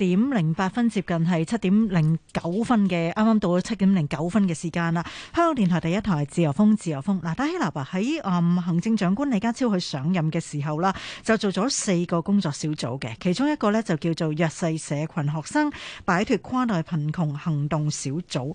點零八分接近係七點零九分嘅，啱啱到咗七點零九分嘅時間啦。香港電台第一台自由風，自由風。嗱，戴希立啊，喺、嗯、行政長官李家超佢上任嘅時候啦，就做咗四個工作小組嘅，其中一個呢，就叫做弱勢社群學生擺脱跨代貧窮行動小組。咁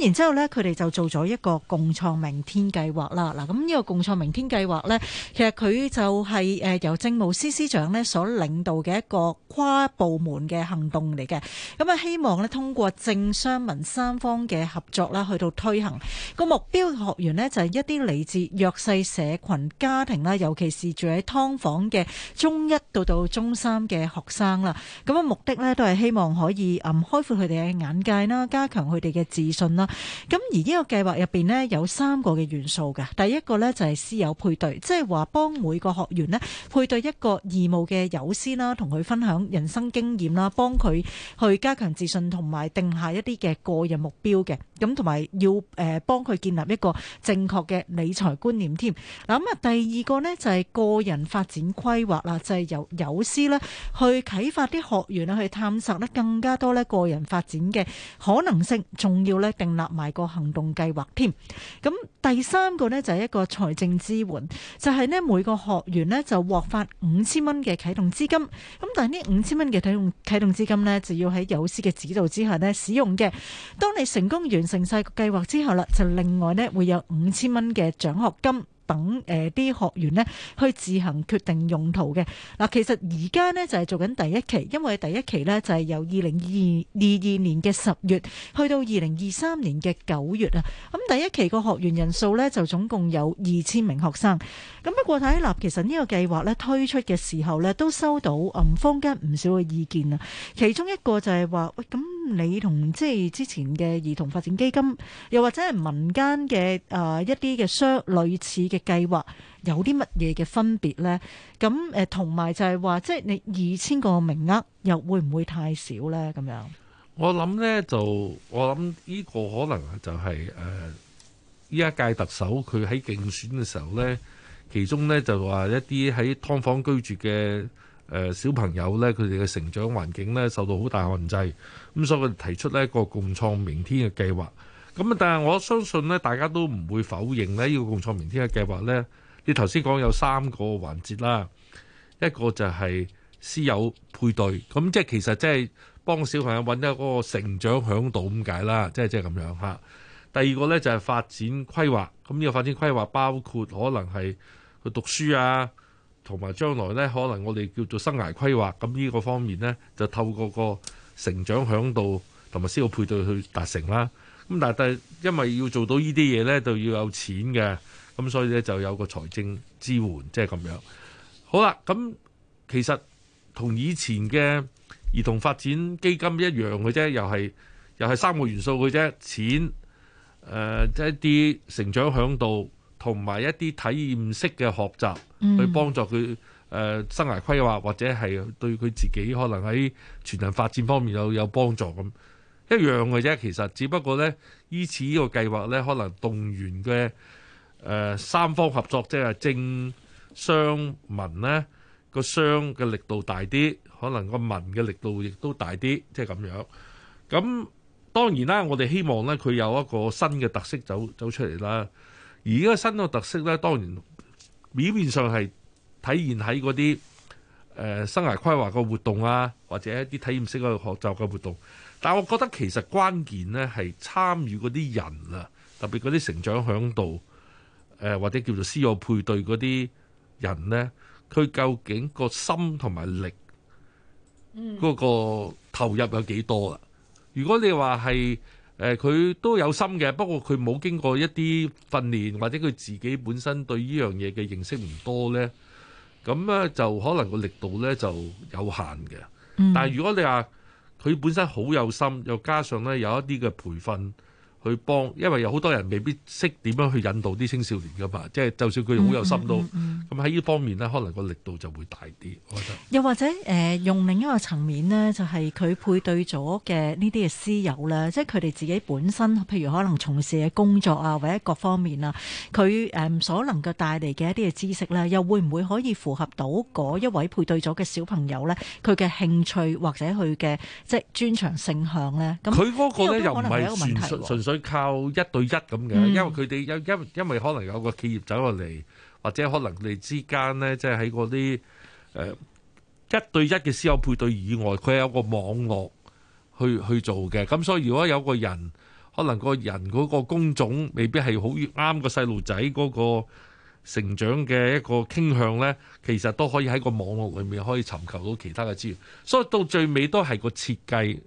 然之後呢，佢哋就做咗一個共創明 TEEN 計劃啦。嗱，咁呢個共創明 TEEN 計劃呢，其實佢就係誒由政務司司長呢所領導嘅一個跨部門嘅行動嚟嘅，咁啊希望呢，通過政商民三方嘅合作啦，去到推行個目標學員呢，就係一啲嚟自弱勢社群家庭啦，尤其是住喺劏房嘅中一到到中三嘅學生啦。咁啊目的呢，都係希望可以啊開闊佢哋嘅眼界啦，加強佢哋嘅自信啦。咁而呢個計劃入邊呢，有三個嘅元素嘅，第一個呢，就係師友配對，即係話幫每個學員呢，配對一個義務嘅友師啦，同佢分享人生經驗啦，幫。佢去加強自信同埋定下一啲嘅個人目標嘅，咁同埋要誒幫佢建立一個正確嘅理財觀念添。嗱咁啊，第二個呢，就係個人發展規劃啦，就係、是、由友師咧去啟發啲學員啦，去探索咧更加多咧個人發展嘅可能性，仲要呢，訂立埋個行動計劃添。咁第三個呢，就係一個財政支援，就係呢，每個學員呢，就獲發五千蚊嘅啟動資金。咁但係呢五千蚊嘅啟動啟動。資金呢，就要喺友師嘅指導之下呢使用嘅。當你成功完成晒個計劃之後啦，就另外呢會有五千蚊嘅獎學金。等誒啲學員咧去自行決定用途嘅嗱。其實而家咧就係做緊第一期，因為第一期咧就係由二零二二二年嘅十月去到二零二三年嘅九月啊。咁第一期個學員人數咧就總共有二千名學生。咁不過睇落其實呢個計劃咧推出嘅時候咧都收到嗯坊間唔少嘅意見啊。其中一個就係話喂，咁你同即係之前嘅兒童發展基金，又或者係民間嘅誒，一啲嘅相類似嘅。嘅計劃有啲乜嘢嘅分別呢？咁誒，同埋就係話，即係你二千個名額又會唔會太少呢？咁樣，我諗呢就，我諗呢個可能就係誒依一屆特首佢喺競選嘅時候呢，其中呢就話一啲喺劏房居住嘅誒、呃、小朋友呢，佢哋嘅成長環境呢受到好大限制，咁所以佢提出呢一個共創明 TEEN 嘅計劃。咁但係我相信咧，大家都唔會否認咧，呢個共創明 TEEN 嘅計劃呢，你頭先講有三個環節啦。一個就係師友配對，咁即係其實即係幫小朋友揾一個成長響度咁解啦，即係即係咁樣嚇。第二個呢就係發展規劃，咁呢個發展規劃包括可能係佢讀書啊，同埋將來呢可能我哋叫做生涯規劃，咁呢個方面呢，就透過個成長響度同埋師友配對去達成啦。咁但係，因為要做到呢啲嘢咧，就要有錢嘅，咁所以咧就有個財政支援，即係咁樣。好啦，咁其實同以前嘅兒童發展基金一樣嘅啫，又係又係三個元素嘅啫，錢，誒、呃，即係、一啲成長響度，同埋一啲體驗式嘅學習，去幫助佢誒生涯規劃，或者係對佢自己可能喺全人發展方面有有幫助咁。一樣嘅啫，其實只不過呢，依此呢個計劃呢，可能動員嘅誒、呃、三方合作，即係政、商、民呢個商嘅力度大啲，可能個民嘅力度亦都大啲，即係咁樣。咁當然啦，我哋希望呢，佢有一個新嘅特色走走出嚟啦。而依個新嘅特色呢，當然表面上係體現喺嗰啲生涯規劃嘅活動啊，或者一啲體驗式嘅學習嘅活動。但我覺得其實關鍵呢係參與嗰啲人啊，特別嗰啲成長嚮導，誒或者叫做師友配對嗰啲人呢，佢究竟個心同埋力，嗯，嗰個投入有幾多啊？如果你話係誒佢都有心嘅，不過佢冇經過一啲訓練，或者佢自己本身對呢樣嘢嘅認識唔多呢，咁呢就可能個力度呢就有限嘅。但係如果你話，佢本身好有心，又加上咧有一啲嘅培訓。佢幫，因為有好多人未必識點樣去引導啲青少年㗎嘛，即係就算佢好有心都，咁喺呢方面咧，可能個力度就會大啲。我覺得又或者誒，用另一個層面咧，就係佢配對咗嘅呢啲嘅師友咧，即係佢哋自己本身，譬如可能從事嘅工作啊，或者各方面啊，佢誒所能夠帶嚟嘅一啲嘅知識咧，又會唔會可以符合到嗰一位配對咗嘅小朋友咧，佢嘅興趣或者佢嘅即係專長性向咧？咁佢嗰個咧又唔係純粹，純粹。靠一對一咁嘅，因為佢哋有因因為，可能有個企業走落嚟，或者可能佢哋之間咧，即係喺嗰啲誒一對一嘅師友配對以外，佢係有個網絡去去做嘅。咁所以如果有個人，可能個人嗰個工種未必係好啱個細路仔嗰個成長嘅一個傾向咧，其實都可以喺個網絡裏面可以尋求到其他嘅資源。所以到最尾都係個設計。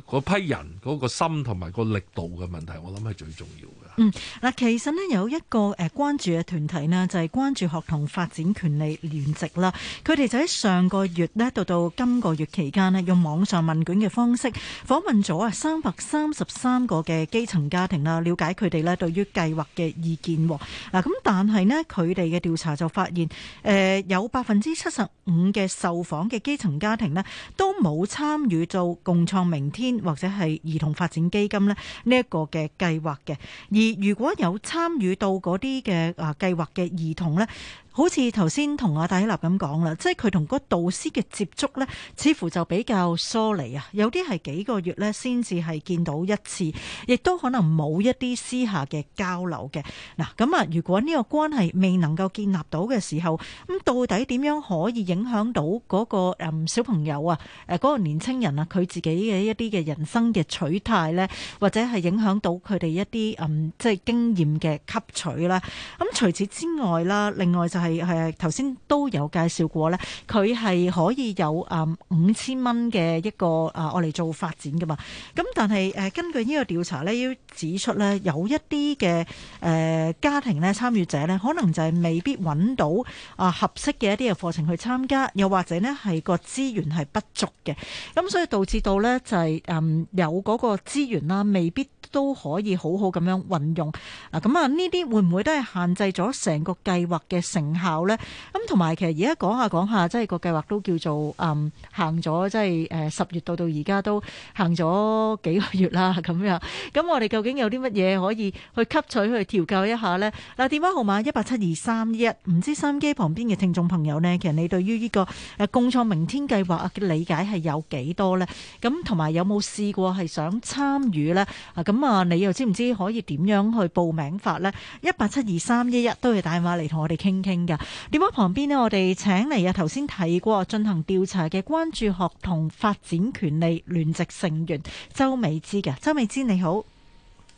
嗰批人嗰個心同埋個力度嘅問題，我諗係最重要嘅。嗯，嗱，其實咧有一個誒關注嘅團體呢，就係關注學童發展權利聯席啦。佢哋就喺上個月咧到到今個月期間咧，用網上問卷嘅方式訪問咗啊三百三十三個嘅基層家庭啦，了解佢哋咧對於計劃嘅意見。嗱，咁但係咧佢哋嘅調查就發現誒有百分之七十五嘅受訪嘅基層家庭咧都冇參與做共創明 TEEN。或者係兒童發展基金咧，呢一個嘅計劃嘅，而如果有參與到嗰啲嘅啊計劃嘅兒童咧。好似頭先同阿戴喜立咁講啦，即係佢同個導師嘅接觸咧，似乎就比較疏離啊。有啲係幾個月咧先至係見到一次，亦都可能冇一啲私下嘅交流嘅。嗱，咁啊，如果呢個關係未能夠建立到嘅時候，咁到底點樣可以影響到嗰、嗰個誒、嗯、小朋友啊，誒、嗰個年青人啊，佢自己嘅一啲嘅人生嘅取態咧，或者係影響到佢哋一啲誒、嗯、即係經驗嘅吸取啦。咁除此之外啦，另外就是係係頭先都有介紹過咧，佢係可以有誒五千蚊嘅一個誒，我、啊、嚟做發展㗎嘛。咁但係誒根據呢個調查咧，要指出咧有一啲嘅誒家庭咧參與者咧，可能就係未必揾到啊合適嘅一啲嘅課程去參加，又或者呢係個資源係不足嘅，咁所以導致到咧就係、是、誒、嗯、有嗰個資源啦，未必，都可以好好咁樣運用啊！咁啊，呢啲會唔會都係限制咗成個計劃嘅成效呢？咁同埋，其實而家講下講下，即係個計劃都叫做、嗯、行咗，即係誒十月到到而家都行咗幾個月啦，咁樣。咁、啊、我哋究竟有啲乜嘢可以去吸取去調教一下呢？嗱、啊，電話號碼一八七二三一，唔知收音機旁邊嘅聽眾朋友呢？其實你對於呢個誒共創明天計劃嘅理解係有幾多呢？咁同埋有冇試過係想參與呢？啊咁。咁啊，你又知唔知可以點樣去報名法咧？一八七二三一一都要打電話嚟同我哋傾傾噶。電話旁邊咧，我哋請嚟啊，頭先睇過進行調查嘅關注學童發展權利聯席成員周美芝嘅。周美芝,周美芝你好，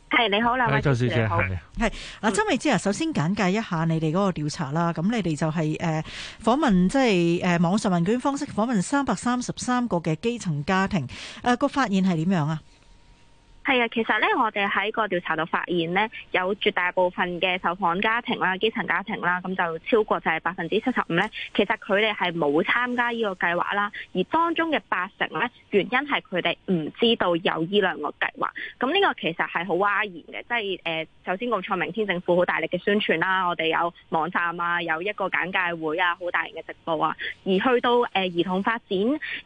係你好，兩位周小姐，好，係嗱，周美芝啊，首先簡介一下你哋嗰個調查啦。咁、嗯、你哋就係誒訪問，即係誒網上問卷方式訪問三百三十三個嘅基層家庭。誒、呃，個發現係點樣啊？係啊，其實咧，我哋喺個調查度發現咧，有絕大部分嘅受訪家庭啦、基層家庭啦，咁就超過就係百分之七十五咧。其實佢哋係冇參加呢個計劃啦，而當中嘅八成咧，原因係佢哋唔知道有呢兩個計劃。咁、這、呢個其實係好嘩然嘅，即係首先共創明 TEEN 政府好大力嘅宣傳啦，我哋有網站啊，有一個簡介會啊，好大型嘅直播啊。而去到誒兒童發展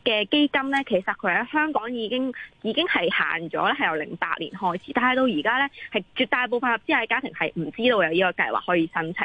嘅基金咧，其實佢喺香港已經已經係行咗咧，係由零。八年開始，但係到而家呢，係絕大部分合資格嘅家庭係唔知道有呢個計劃可以申請。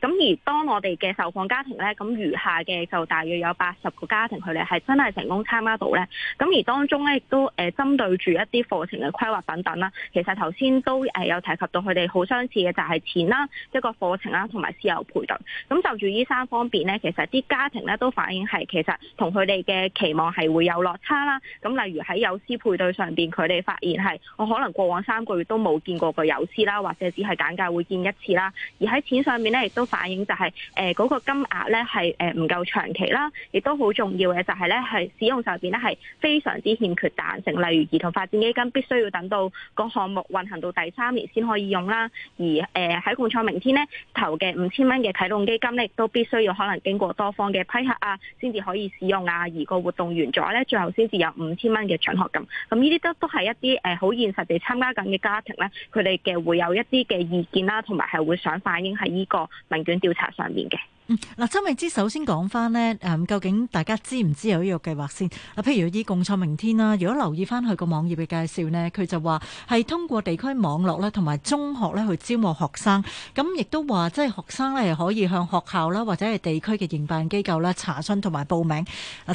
咁而當我哋嘅受訪家庭呢，咁餘下嘅就大約有八十個家庭佢哋係真係成功參加到呢。咁而當中呢，亦都誒針對住一啲課程嘅規劃等等啦，其實頭先都誒有提及到佢哋好相似嘅就係錢啦，一個課程啦，同埋師友配對。咁就住呢三方面呢，其實啲家庭呢都反映係其實同佢哋嘅期望係會有落差啦。咁例如喺友師配對上邊，佢哋發現係我可能過往三個月都冇見過個友師啦，或者只係簡介會見一次啦。而喺錢上面咧，亦都反映就係誒嗰個金額咧係誒唔夠長期啦，亦都好重要嘅就係咧係使用上邊咧係非常之欠缺彈性。例如兒童發展基金必須要等到個項目運行到第三年先可以用啦。而誒喺《共創明 TEEN》咧投嘅五千蚊嘅啟動基金咧，亦都必須要可能經過多方嘅批核啊，先至可以使用啊。而個活動完咗咧，最後先至有五千蚊嘅獎學金。咁呢啲都都係一啲誒好現實地參加緊嘅家庭咧，佢哋嘅會有一啲嘅意見啦，同埋係會想反映喺呢個問卷調查上面嘅。嗯，嗱，周美芝，首先講翻咧，究竟大家知唔知有呢個計劃先？譬如依共創明 TEEN 啦，如果留意翻佢個網頁嘅介紹咧，佢就話係通過地區網絡咧，同埋中學咧去招募學生。咁亦都話即係學生咧係可以向學校啦，或者係地區嘅營辦機構啦查詢同埋報名。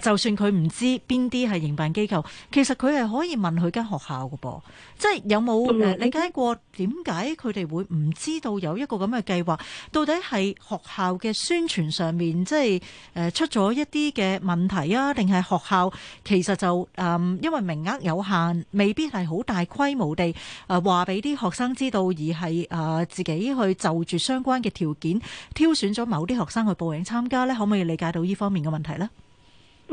就算佢唔知邊啲係營辦機構，其實佢係可以問佢間學校嘅噃，即係有冇誒理解過點解佢哋會唔知道有一個咁嘅計劃到底係學校嘅書。宣傳上面即係誒出咗一啲嘅問題啊，定係學校其實就誒因為名額有限，未必係好大規模地誒話俾啲學生知道，而係誒自己去就住相關嘅條件挑選咗某啲學生去報名參加呢，可唔可以理解到呢方面嘅問題呢？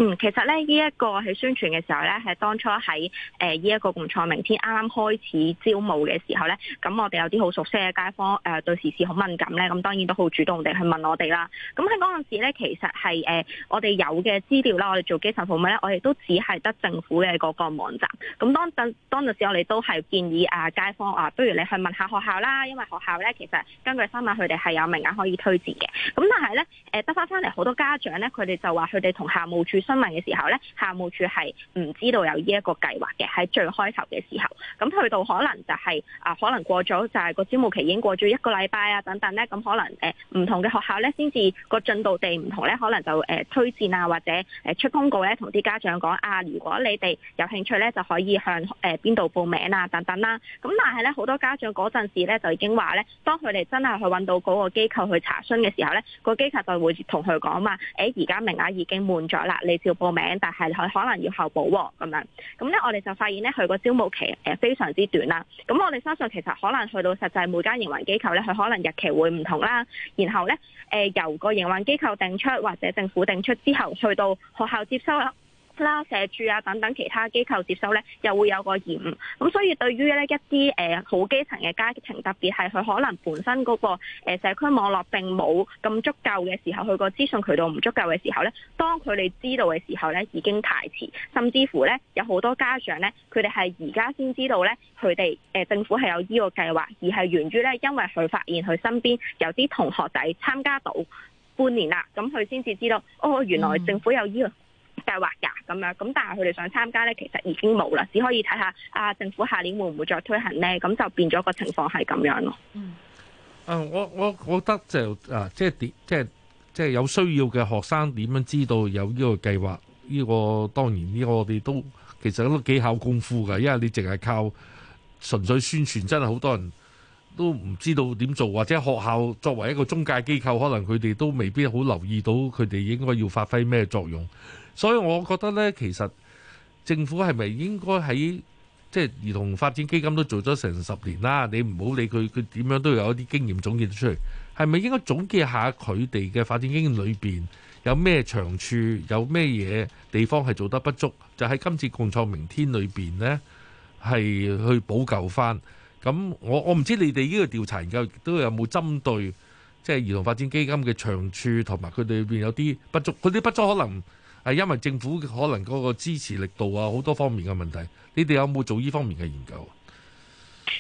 嗯，其實咧，呢、這、一個喺宣傳嘅時候咧，係當初喺誒依一個共創明 TEEN 啱啱開始招募嘅時候咧，咁我哋有啲好熟悉嘅街坊，誒、呃、對時事好敏感咧，咁當然都好主動地去問我哋啦。咁喺嗰陣時咧，其實係誒我哋有嘅資料啦，我哋做基層服務咧，我哋都只係得政府嘅嗰個網站。咁當陣當陣時，我哋都係建議啊街坊啊，不如你去問下學校啦，因為學校咧其實根據新聞，佢哋係有名額可以推薦嘅。咁但係咧，誒得翻翻嚟好多家長咧，佢哋就話佢哋同校務處。新聞嘅時候咧，校務處係唔知道有呢一個計劃嘅，喺最開頭嘅時候。咁去到可能就係、是、啊，可能過咗就係、是、個招募期已經過咗一個禮拜啊，等等咧。咁可能誒唔、呃、同嘅學校咧，先至個進度地唔同咧，可能就誒、呃、推薦啊，或者誒、呃、出公告咧，同啲家長講啊。如果你哋有興趣咧，就可以向誒邊度報名啊，等等啦、啊。咁但係咧，好多家長嗰陣時咧就已經話咧，當佢哋真係去揾到嗰個機構去查詢嘅時候咧，個機構就會同佢講啊嘛。誒而家名額已經滿咗啦，你，要報名，但係佢可能要候補咁樣，咁咧我哋就發現咧佢個招募期誒非常之短啦。咁我哋相信其實可能去到實際每間營運機構咧，佢可能日期會唔同啦。然後咧誒由個營運機構定出或者政府定出之後，去到學校接收啦。 啦，社署啊等等其他機構接收咧，又會有個延誤。咁所以對於咧一啲誒、呃、好基層嘅家庭，特別係佢可能本身嗰、那個、呃、社區網絡並冇咁足夠嘅時候，佢個資訊渠道唔足夠嘅時候咧，當佢哋知道嘅時候咧已經太遲，甚至乎咧有好多家長咧，佢哋係而家先知道咧佢哋誒政府係有呢個計劃，而係源於咧因為佢發現佢身邊有啲同學仔參加到半年啦，咁佢先至知道哦，原來政府有呢、這個，嗯計劃噶咁樣咁，但係佢哋想參加呢，其實已經冇啦，只可以睇下啊。政府下年會唔會再推行呢。咁就變咗個情況係咁樣咯。嗯，我我我覺得就啊，即係點，即係即係有需要嘅學生點樣知道有呢個計劃？呢個當然呢個我哋都其實都幾考功夫噶因為你淨係靠純粹宣傳，真係好多人都唔知道點做，或者學校作為一個中介機構，可能佢哋都未必好留意到佢哋應該要發揮咩作用。所以，我覺得呢，其實政府係咪應該喺即係兒童發展基金都做咗成十年啦？你唔好理佢，佢點樣都有一啲經驗總結出嚟。係咪應該總結下佢哋嘅發展經驗裏邊有咩長處，有咩嘢地方係做得不足？就喺今次共創明 TEEN 裏邊呢，係去補救翻。咁我我唔知你哋呢個調查研究都有冇針對即係兒童發展基金嘅長處同埋佢哋裏邊有啲不足，嗰啲不足可能。係因為政府可能嗰個支持力度啊，好多方面嘅問題，你哋有冇做呢方面嘅研究？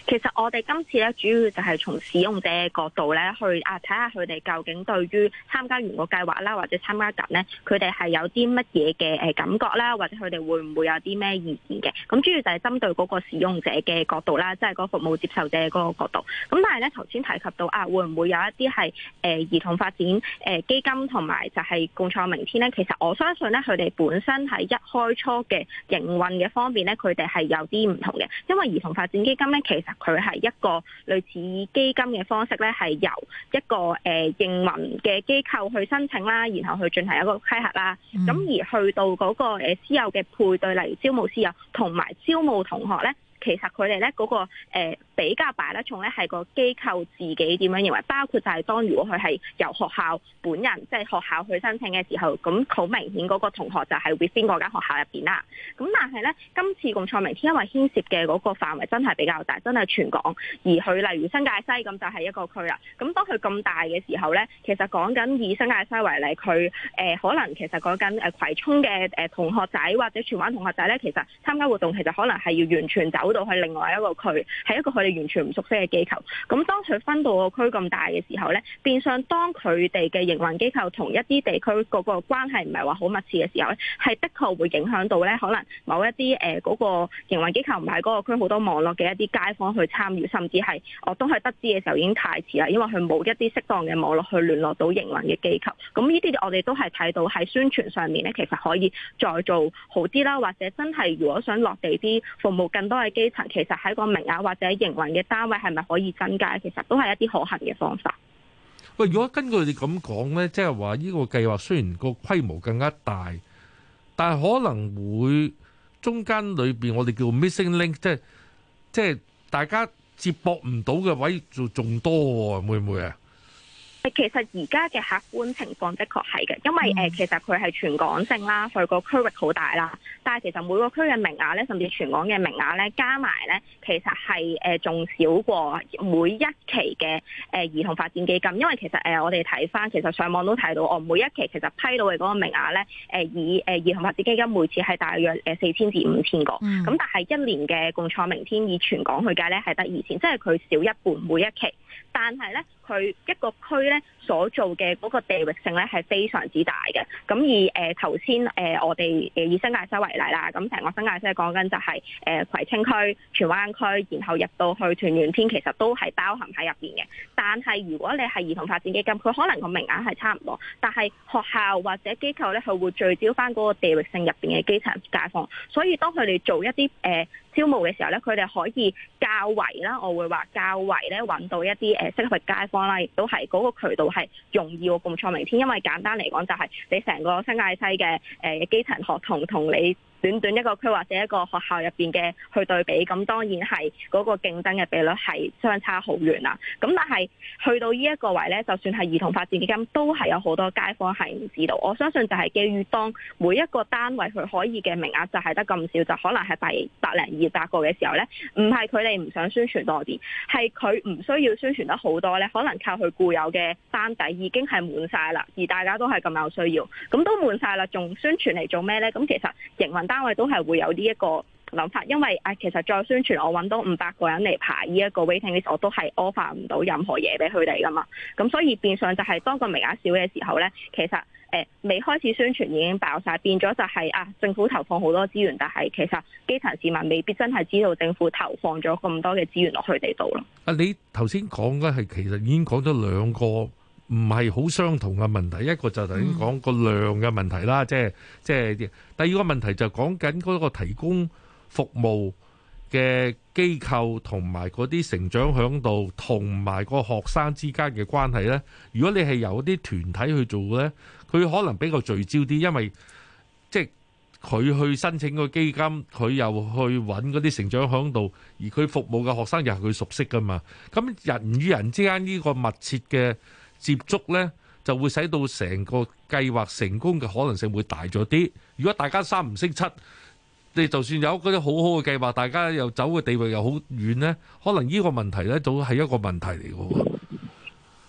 其實我哋今次咧，主要就係從使用者嘅角度咧，去啊睇下佢哋究竟對於參加完個計劃啦，或者參加緊咧，佢哋係有啲乜嘢嘅誒感覺啦，或者佢哋會唔會有啲咩意見嘅？咁主要就係針對嗰個使用者嘅角度啦，即係個服務接受者個角度。咁但係咧頭先提及到啊，會唔會有一啲係誒兒童發展誒基金同埋就係共創明 TEEN 咧？其實我相信咧，佢哋本身喺一開初嘅營運嘅方面咧，佢哋係有啲唔同嘅，因為兒童發展基金咧其。其實佢係一個類似基金嘅方式咧，係由一個誒營運嘅機構去申請啦，然後去進行一個批核啦。咁、嗯、而去到嗰個誒師友嘅配對，例如招募師友同埋招募同學咧，其實佢哋咧嗰個誒。呃比較擺得重咧係個機構自己點樣認為，包括就係當如果佢係由學校本人即係、就是、學校去申請嘅時候，咁好明顯嗰個同學就係 within 嗰間學校入邊啦。咁但係咧今次共創明 TEEN 因為牽涉嘅嗰個範圍真係比較大，真係全港。而佢例如新界西咁就係一個區啦。咁當佢咁大嘅時候咧，其實講緊以新界西為例，佢誒、呃、可能其實嗰間誒葵涌嘅誒同學仔或者荃灣同學仔咧，其實參加活動其實可能係要完全走到去另外一個區，係一個佢，完全唔熟悉嘅機構，咁當佢分到個區咁大嘅時候，呢變相當佢哋嘅營運機構同一啲地區嗰個關係唔係話好密切嘅時候，呢係的確會影響到呢，可能某一啲嗰、呃嗰個營運機構唔喺嗰個區好多網絡嘅一啲街坊去參與，甚至係我都係得知嘅時候已經太遲啦，因為佢冇一啲適當嘅網絡去聯絡到營運嘅機構。咁呢啲我哋都係睇到喺宣傳上面呢，其實可以再做好啲啦，或者真係如果想落地啲服務更多嘅基層，其實喺個名額或者營運嘅單位係咪可以增加？其實都係一啲可行嘅方法。喂，如果根據你咁講呢，即係話呢個計劃雖然個規模更加大，但係可能會中間裏邊我哋叫 missing link，即係即係大家接駁唔到嘅位就仲多，會唔會啊？其實而家嘅客觀情況的確係嘅，因為誒，其實佢係全港性啦，佢個區域好大啦。但係其實每個區嘅名額咧，甚至全港嘅名額咧，加埋咧，其實係誒仲少過每一期嘅誒兒童發展基金。因為其實誒我哋睇返，其實上網都睇到，我每一期其實批到嘅嗰個名額咧，誒以誒兒童發展基金每次係大約誒四千至五千個，咁但係一年嘅共創明 TEEN 以全港去計咧係得二千，即係佢少一半每一期。但係咧，佢一個區。所做嘅嗰個地域性咧係非常之大嘅，咁而誒頭先誒我哋誒以新界西為例啦，咁成個新界西講緊就係誒葵青區、荃灣區，然後入到去屯門天，其實都係包含喺入邊嘅。但係如果你係兒童發展基金，佢可能個名額係差唔多，但係學校或者機構咧，佢會聚焦返嗰個地域性入邊嘅基層解放，所以當佢哋做一啲誒。呃招募嘅時候咧，佢哋可以較為啦，我會話較為咧搵到一啲誒適合嘅街坊啦，亦都係嗰、那個渠道係容易喎，共創明 TEEN。因為簡單嚟講，就係你成個新界西嘅誒、呃、基層學童同你。短短一個區或者一個學校入邊嘅去對比，咁當然係嗰個競爭嘅比率係相差好遠啦。咁但係去到呢一個位呢，就算係兒童發展基金都係有好多街坊係唔知道。我相信就係基於當每一個單位佢可以嘅名額就係得咁少，就可能係百百零二百個嘅時候呢，唔係佢哋唔想宣傳多啲，係佢唔需要宣傳得好多呢，可能靠佢固有嘅單底已經係滿晒啦，而大家都係咁有需要，咁都滿晒啦，仲宣傳嚟做咩呢？咁其實營運。單位都係會有呢一個諗法，因為啊，其實再宣傳，我揾到五百個人嚟排呢一個 waiting list，我都係 offer 唔到任何嘢俾佢哋噶嘛。咁所以變相就係當個名額少嘅時候呢，其實誒未開始宣傳已經爆晒，變咗就係啊政府投放好多資源，但係其實基層市民未必真係知道政府投放咗咁多嘅資源落去地度咯。啊，你頭先講嘅係其實已經講咗兩個唔係好相同嘅問題，一個就等於講個量嘅問題啦，即係即係第二個問題就講緊嗰個提供服務嘅機構同埋嗰啲成長響度，同埋個學生之間嘅關係咧。如果你係由一啲團體去做咧，佢可能比較聚焦啲，因為即係佢去申請個基金，佢又去揾嗰啲成長響度，而佢服務嘅學生又係佢熟悉噶嘛。咁人與人之間呢個密切嘅。接觸呢就會使到成個計劃成功嘅可能性會大咗啲。如果大家三唔識七，你就算有嗰啲好好嘅計劃，大家又走嘅地位又好遠呢，可能呢個問題呢就係一個問題嚟嘅喎。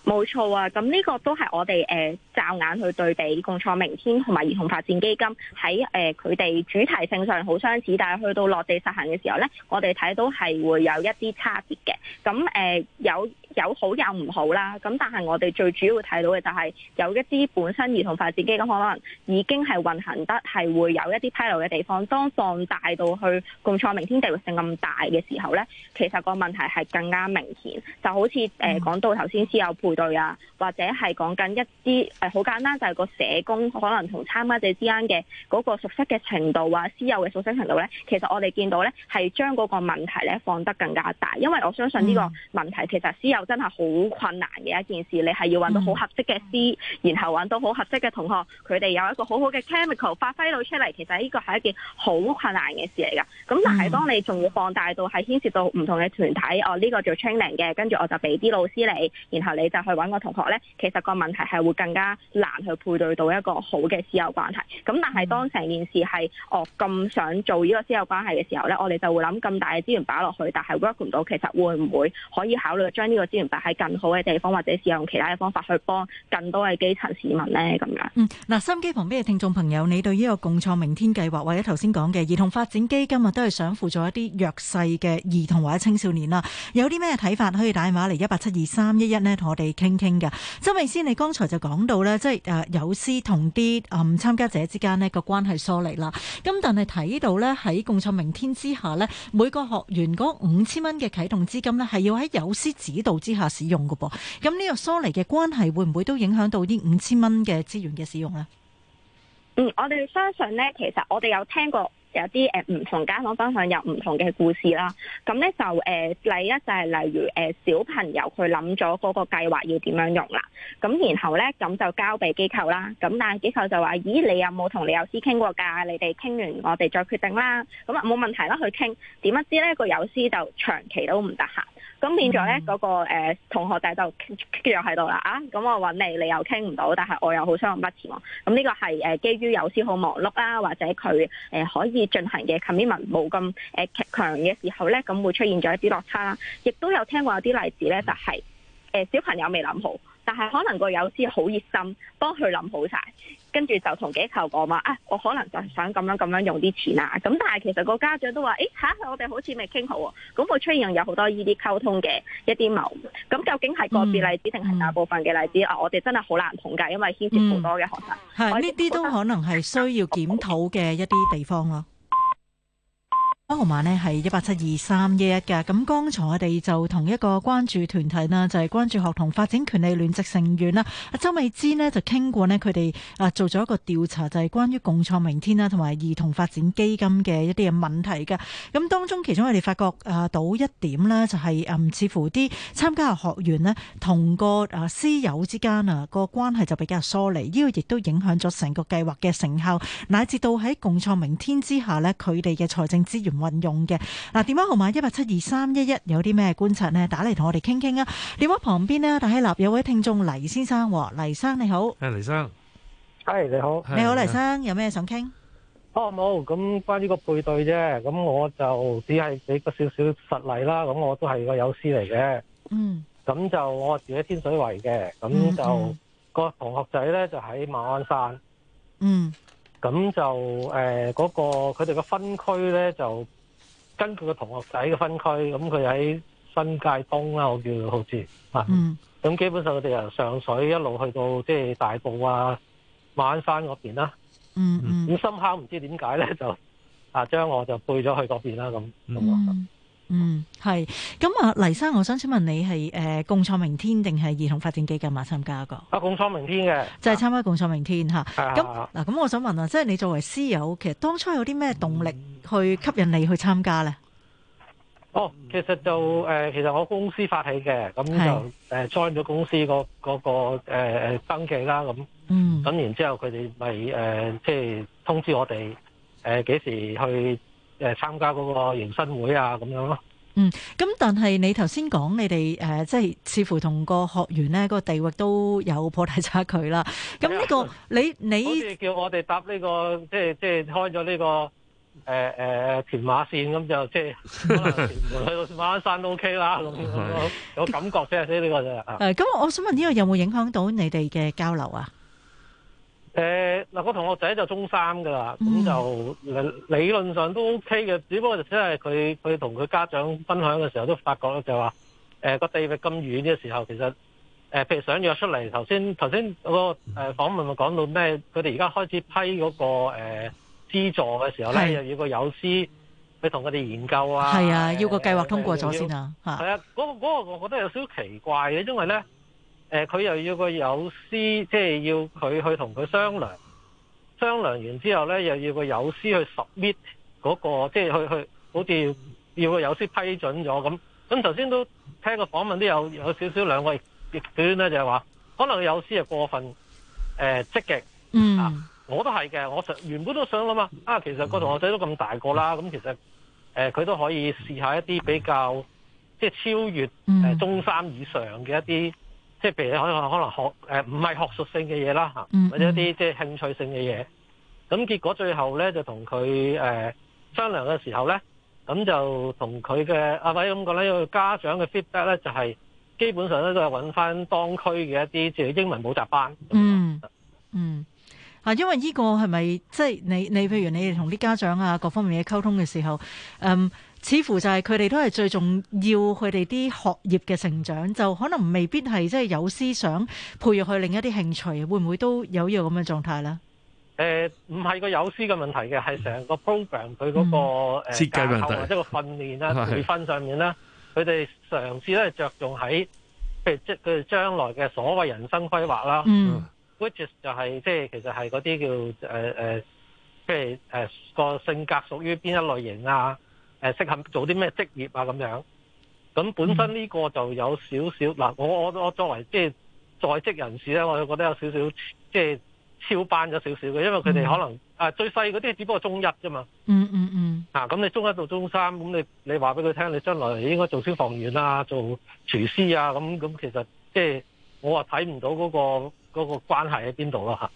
冇錯啊，咁呢個都係我哋誒，驟、呃、眼去對比共創明 TEEN 同埋兒童發展基金喺佢哋主題性上好相似，但係去到落地實行嘅時候呢，我哋睇到係會有一啲差別嘅。咁誒、呃、有。有好有唔好啦，咁但係我哋最主要睇到嘅就係有一啲本身兒童發展基金可能已經係運行得係會有一啲批漏嘅地方，當放大到去共創明 TEEN 地域性咁大嘅時候咧，其實個問題係更加明顯，就好似誒，講到頭先師友配對啊，或者係講緊一啲誒，好簡單就係個社工可能同參加者之間嘅嗰個熟悉嘅程度啊，師友嘅熟悉程度咧，其實我哋見到咧係將嗰個問題咧放得更加大，因為我相信呢個問題其實師友。真係好困難嘅一件事，你係要揾到好合適嘅師，嗯，然後揾到好合適嘅同學，佢哋有一個好好嘅 chemical 發揮到出嚟，其實呢個係一件好困難嘅事嚟噶。咁但係當你仲放大到係牽涉到唔同嘅團體，哦呢個做 training 嘅，跟住我就俾啲老師你，然後你就去揾個同學呢。其實個問題係會更加難去配對到一個好嘅師友關係。咁但係當成件事係哦咁想做呢個師友關係嘅時候呢，我哋就會諗咁大嘅資源擺落去，但係 work 唔到，其實會唔會可以考慮將呢個資源擺喺更好嘅地方，或者試用其他嘅方法去幫更多嘅基層市民呢咁樣。嗯，嗱，心機旁邊嘅聽眾朋友，你對呢個共創明 TEEN 計劃或者頭先講嘅兒童發展基金啊，都係想輔助一啲弱勢嘅兒童或者青少年啦，有啲咩睇法可以打電話嚟一八七二三一一呢，同我哋傾傾嘅。周美芝，你剛才就講到呢，即係誒導師同啲誒參加者之間呢個關係疏離啦。咁但係睇到呢，喺共創明 TEEN 之下呢，每個學員嗰五千蚊嘅啟動資金呢，係要喺導師指導。之下使用噶噃，咁呢個疏離嘅關係會唔會都影響到呢五千蚊嘅資源嘅使用咧？嗯，我哋相信呢，其實我哋有聽過有啲誒唔同家訪方向有唔同嘅故事啦。咁呢就誒、呃，第一就係例如誒、呃、小朋友佢諗咗嗰個計劃要點樣用啦。咁然後呢，咁就交俾機構啦。咁但係機構就話：咦，你有冇同你友師傾過㗎？你哋傾完我哋再決定啦。咁啊冇問題啦，去傾點不知道呢個友師就長期都唔得閒。咁變咗咧，嗰、那個、呃、同學仔就傾又喺度啦，啊！咁我揾你，你又傾唔到，但係我又好傷心不前喎。咁、嗯、呢、這個係、呃、基於有時好忙碌啦，或者佢、呃、可以進行嘅 commitment 冇咁誒強嘅時候咧，咁會出現咗一啲落差啦。亦、啊、都有聽過有啲例子咧，就係、是呃、小朋友未諗好。但係可能個有師好熱心，幫佢諗好晒，跟住就同機構講話，誒、啊，我可能就係想咁樣咁樣用啲錢啊。咁但係其實個家長都話，誒，吓，我哋好似未傾好，咁會出現有好多呢啲溝通嘅一啲矛盾。咁究竟係個別例子定係大部分嘅例子？啊，我哋、嗯啊、真係好難統計，因為牽涉好多嘅學生。係呢啲都可能係需要檢討嘅一啲地方咯。八號碼呢係一八七二三一一嘅。咁剛才我哋就同一個關注團體啦，就係、是、關注學童發展權利聯席成員啦。阿周美芝呢就傾過呢佢哋啊做咗一個調查，就係、是、關於共創明 TEEN 啦，同埋兒童發展基金嘅一啲嘅問題嘅。咁當中，其中我哋發覺啊，到一點咧，就係誒，似乎啲參加學員呢同個啊師友之間啊、那個關係就比較疏離，呢、這個亦都影響咗成個計劃嘅成效，乃至到喺共創明 TEEN 之下呢，佢哋嘅財政資源，運用嘅嗱，電話號碼一八七二三一一，啊、172, 3, 1, 1, 有啲咩觀察呢？打嚟同我哋傾傾啊！電話旁邊呢，戴希立有位聽眾黎先生，黎生你好，係黎生，係你好，你好黎生，有咩想傾？哦冇，咁關於個配對啫，咁我就只係俾個少少實例啦。咁我都係個友師嚟嘅，嗯，咁就我住喺天水圍嘅，咁就、嗯嗯個同學仔咧就喺馬鞍山，嗯。咁就誒嗰、呃那個佢哋嘅分區咧，就跟佢個同學仔嘅分區，咁佢喺新界東啦，我叫佢好似、mm -hmm. 啊，咁基本上佢哋由上水一路去到即係大埔啊、馬鞍山嗰邊啦，嗯、mm、嗯 -hmm. 啊，咁深刻唔知點解咧，就啊將我就背咗去嗰邊啦，咁，嗯、mm -hmm. 啊。嗯，係。咁啊，黎生，我想請問你係誒、呃、共創明天定係兒童發展基金啊參加一個？創的就是、創啊，共創明天嘅，就係參加共創明天吓。咁嗱，咁我想問啊，即、就、係、是、你作為師友，其實當初有啲咩動力去吸引你去參加咧、嗯？哦，其實就誒、呃，其實我公司發起嘅，咁就誒 join 咗公司的、那個嗰、那個誒誒、呃、登記啦。咁，咁、嗯、然之後佢哋咪誒即係通知我哋誒幾時去。誒，參加嗰個迎新會啊，咁樣咯。嗯，咁但係你頭先講你哋，誒、呃，即係似乎同個學員咧，嗰、那個地域都有頗大差距啦。咁、哎、呢、這個、嗯、你你好似叫我哋搭呢、這個，即係即係開咗呢、這個誒誒誒屯馬線咁就即係，去到馬鞍 山都 OK 啦、嗯 有，有感覺啫，所以呢、這個就誒。咁、嗯嗯、我想問呢、這個有冇影響到你哋嘅交流啊？誒、嗯，嗱、那個同學仔就中三㗎喇，咁就理論上都 OK 嘅，只不過就即係佢佢同佢家長分享嘅時候都發覺就話誒個地域咁遠嘅時候，其實誒、呃、譬如想約出嚟，頭先頭先嗰個誒訪問咪講到咩？佢哋而家開始批嗰、那個誒資、呃、助嘅時候咧，又要個友師去同佢哋研究啊，係啊，要個計劃通過咗先啊，係啊，嗰、那個嗰、那個我覺得有少少奇怪嘅，因為咧。誒、呃、佢又要個友師，即係要佢去同佢商量，商量完之後咧，又要個友師去 submit 嗰、那個，即係去去，好似要，要個友師批准咗咁。咁頭先都聽個訪問都有有少少兩個極端咧，就係話可能友師係過分誒、呃、積極。嗯、mm.。啊，我都係嘅，我想原本都想諗啊嘛。啊，其實個同學仔都咁大個啦，咁、mm. 啊、其實誒佢、呃、都可以試一下一啲比較即係超越、呃、中三以上嘅一啲。即係譬如你可能可能學誒唔係學術性嘅嘢啦吓，或者一啲即係興趣性嘅嘢，咁結果最後咧就同佢誒商量嘅時候咧，咁就同佢嘅阿偉咁講咧，因為家長嘅 feedback 咧就係基本上咧都係揾翻當區嘅一啲即係英文補習班。嗯嗯，啊，因為呢個係咪即係你你譬如你哋同啲家長啊各方面嘅溝通嘅時候，嗯似乎就係佢哋都係最重要，佢哋啲學業嘅成長就可能未必係即係有思想培育佢另一啲興趣，會唔會都有要個咁嘅狀態咧？誒、呃，唔係個有思嘅問題嘅，係成個 program 佢、嗯、嗰、嗰個誒、呃、設計問題或者個訓練啊、培訓上面啦，佢哋嘗試都係着重喺譬如即佢哋將來嘅所謂人生規劃啦，which is, 就係即係其實係嗰啲叫即係個性格屬於邊一類型啊？誒適合做啲咩職業啊咁樣，咁本身呢個就有少少嗱，我我我作為即係在職人士咧，我就覺得有少少即係超班咗少少嘅，因為佢哋可能啊最細嗰啲只不過中一啫嘛。嗯嗯嗯，嗯。啊，咁你中一到中三，咁你你話俾佢聽，你將來應該做消防員啊，做廚師啊，咁咁其實即係我話睇唔到嗰個嗰個關係喺邊度咯嚇。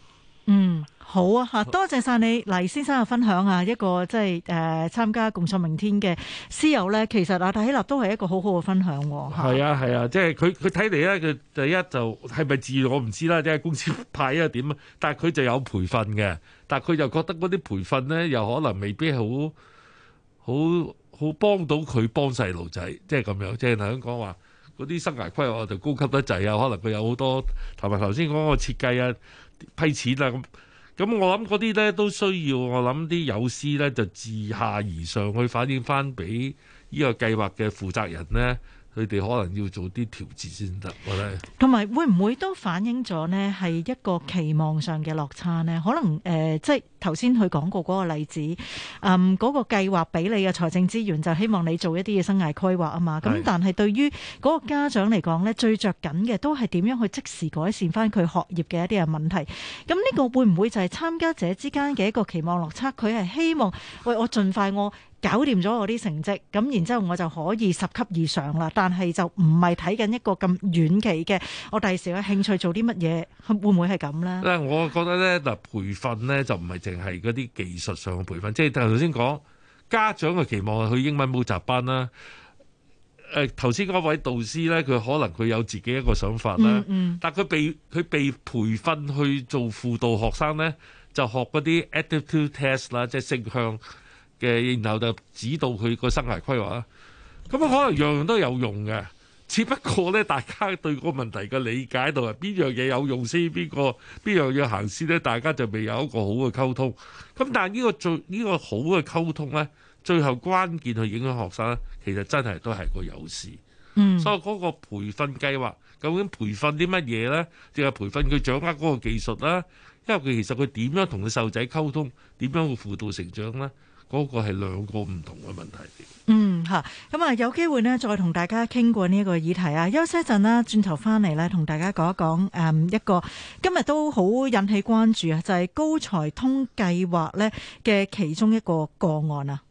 嗯。好啊！嚇，多謝晒你黎先生嘅分享啊！一個即係誒參加《共創明天》嘅師友咧，其實阿戴希立都係一個好好嘅分享喎。係啊，係啊，啊，即係佢佢睇嚟咧，佢第一就係咪自願我唔知啦，即係公司派啊點啊，但係佢就有培訓嘅，但係佢就覺得嗰啲培訓咧，又可能未必好好好幫到佢幫細路仔，即係咁樣，即係頭先講話嗰啲生涯規劃就高級得滯啊，可能佢有好多頭埋頭先講嘅設計啊、批錢啊咁。.咁我諗嗰啲呢都需要，我諗啲有私呢就自下而上去反映翻俾呢個計劃嘅負責人呢。佢哋可能要做啲調節先得，我覺得。同埋會唔會都反映咗呢係一個期望上嘅落差呢？可能誒、呃，即係頭先佢講過嗰個例子，誒、嗯、嗰、嗰個計劃俾你嘅財政資源，就希望你做一啲嘅生涯規劃啊嘛。咁但係對於嗰個家長嚟講呢，最着緊嘅都係點樣去即時改善返佢學業嘅一啲嘅問題。咁呢個會唔會就係參加者之間嘅一個期望落差？佢係希望喂我盡快我。搞掂咗我啲成績，咁然之後我就可以十級以上啦。但係就唔係睇緊一個咁遠期嘅，我第時有興趣做啲乜嘢，會唔會係咁咧？嗱，我覺得咧，嗱培訓咧就唔係淨係嗰啲技術上嘅培訓，即係頭先講家長嘅期望去英文補習班啦。誒，頭先嗰位導師咧，佢可能佢有自己一個想法啦。嗯，嗯，但佢被佢被培訓去做輔導學生咧，就學嗰啲 attitude test 啦，即係性向。嘅，然後就指導佢個生涯規劃，咁啊，可能樣樣都有用嘅。只不過咧，大家對個問題嘅理解度係邊樣嘢有用先，邊個邊樣嘢行先咧？大家就未有一個好嘅溝通。咁但係呢個最呢、呢個好嘅溝通咧，最後關鍵去影響學生咧，其實真係都係個有事。嗯，所以嗰個培訓計劃究竟培訓啲乜嘢咧？即係培訓佢掌握嗰個技術啦。因為佢其實佢點樣同個細路仔溝通，點樣去輔導成長咧？嗰個係兩個唔同嘅問題。嗯，吓，咁啊，有機會呢，再同大家傾過呢一個議題啊。休息一陣啦，轉頭翻嚟咧，同大家講一講誒一個今日都好引起關注啊，就係、是、高才通計劃咧嘅其中一個個案啊。